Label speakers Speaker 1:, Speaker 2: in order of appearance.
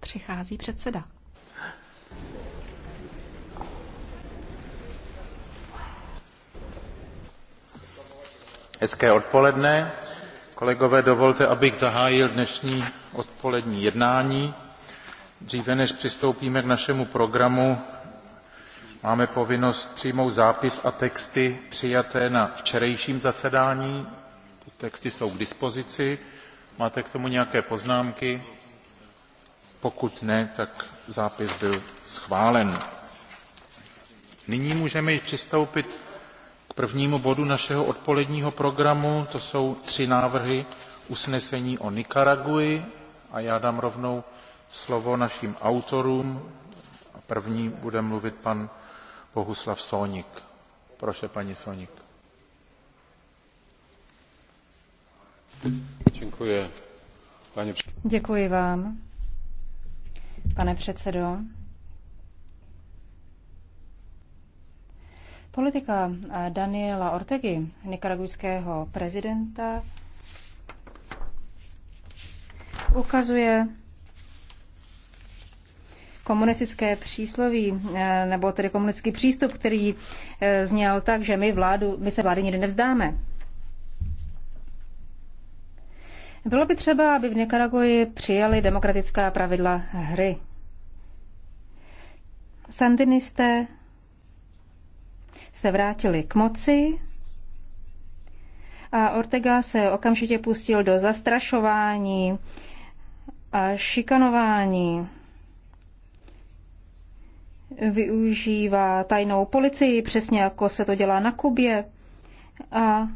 Speaker 1: Přichází předseda.
Speaker 2: Hezké odpoledne. Kolegové, dovolte, abych zahájil dnešní odpolední jednání. Dříve než přistoupíme k našemu programu, máme povinnost přijmout zápis a texty přijaté na včerejším zasedání. Ty texty jsou k dispozici. Máte k tomu nějaké poznámky? Pokud ne, tak zápis byl schválen. Nyní můžeme přistoupit k prvnímu bodu našeho odpoledního programu. To jsou tři návrhy usnesení o Nikaraguji a já dám rovnou slovo našim autorům. První bude mluvit pan Bohuslav Sonik. Proszę, pani Sonik.
Speaker 1: Děkuji. vám, pane předsedo. Politika Daniela Ortegy, nikaragujského prezidenta, ukazuje komunistické přísloví, eh, nebo tedy komunistický přístup, který eh, zněl tak, že my, vládu, my se vlády nikdy nevzdáme. Bylo by třeba, aby v Nikaraguji přijali demokratická pravidla hry. Sandinisté se vrátili k moci a Ortega se okamžitě pustil do zastrašování a šikanování. Využívá tajnou policii, přesně jako se to dělá na Kubě. A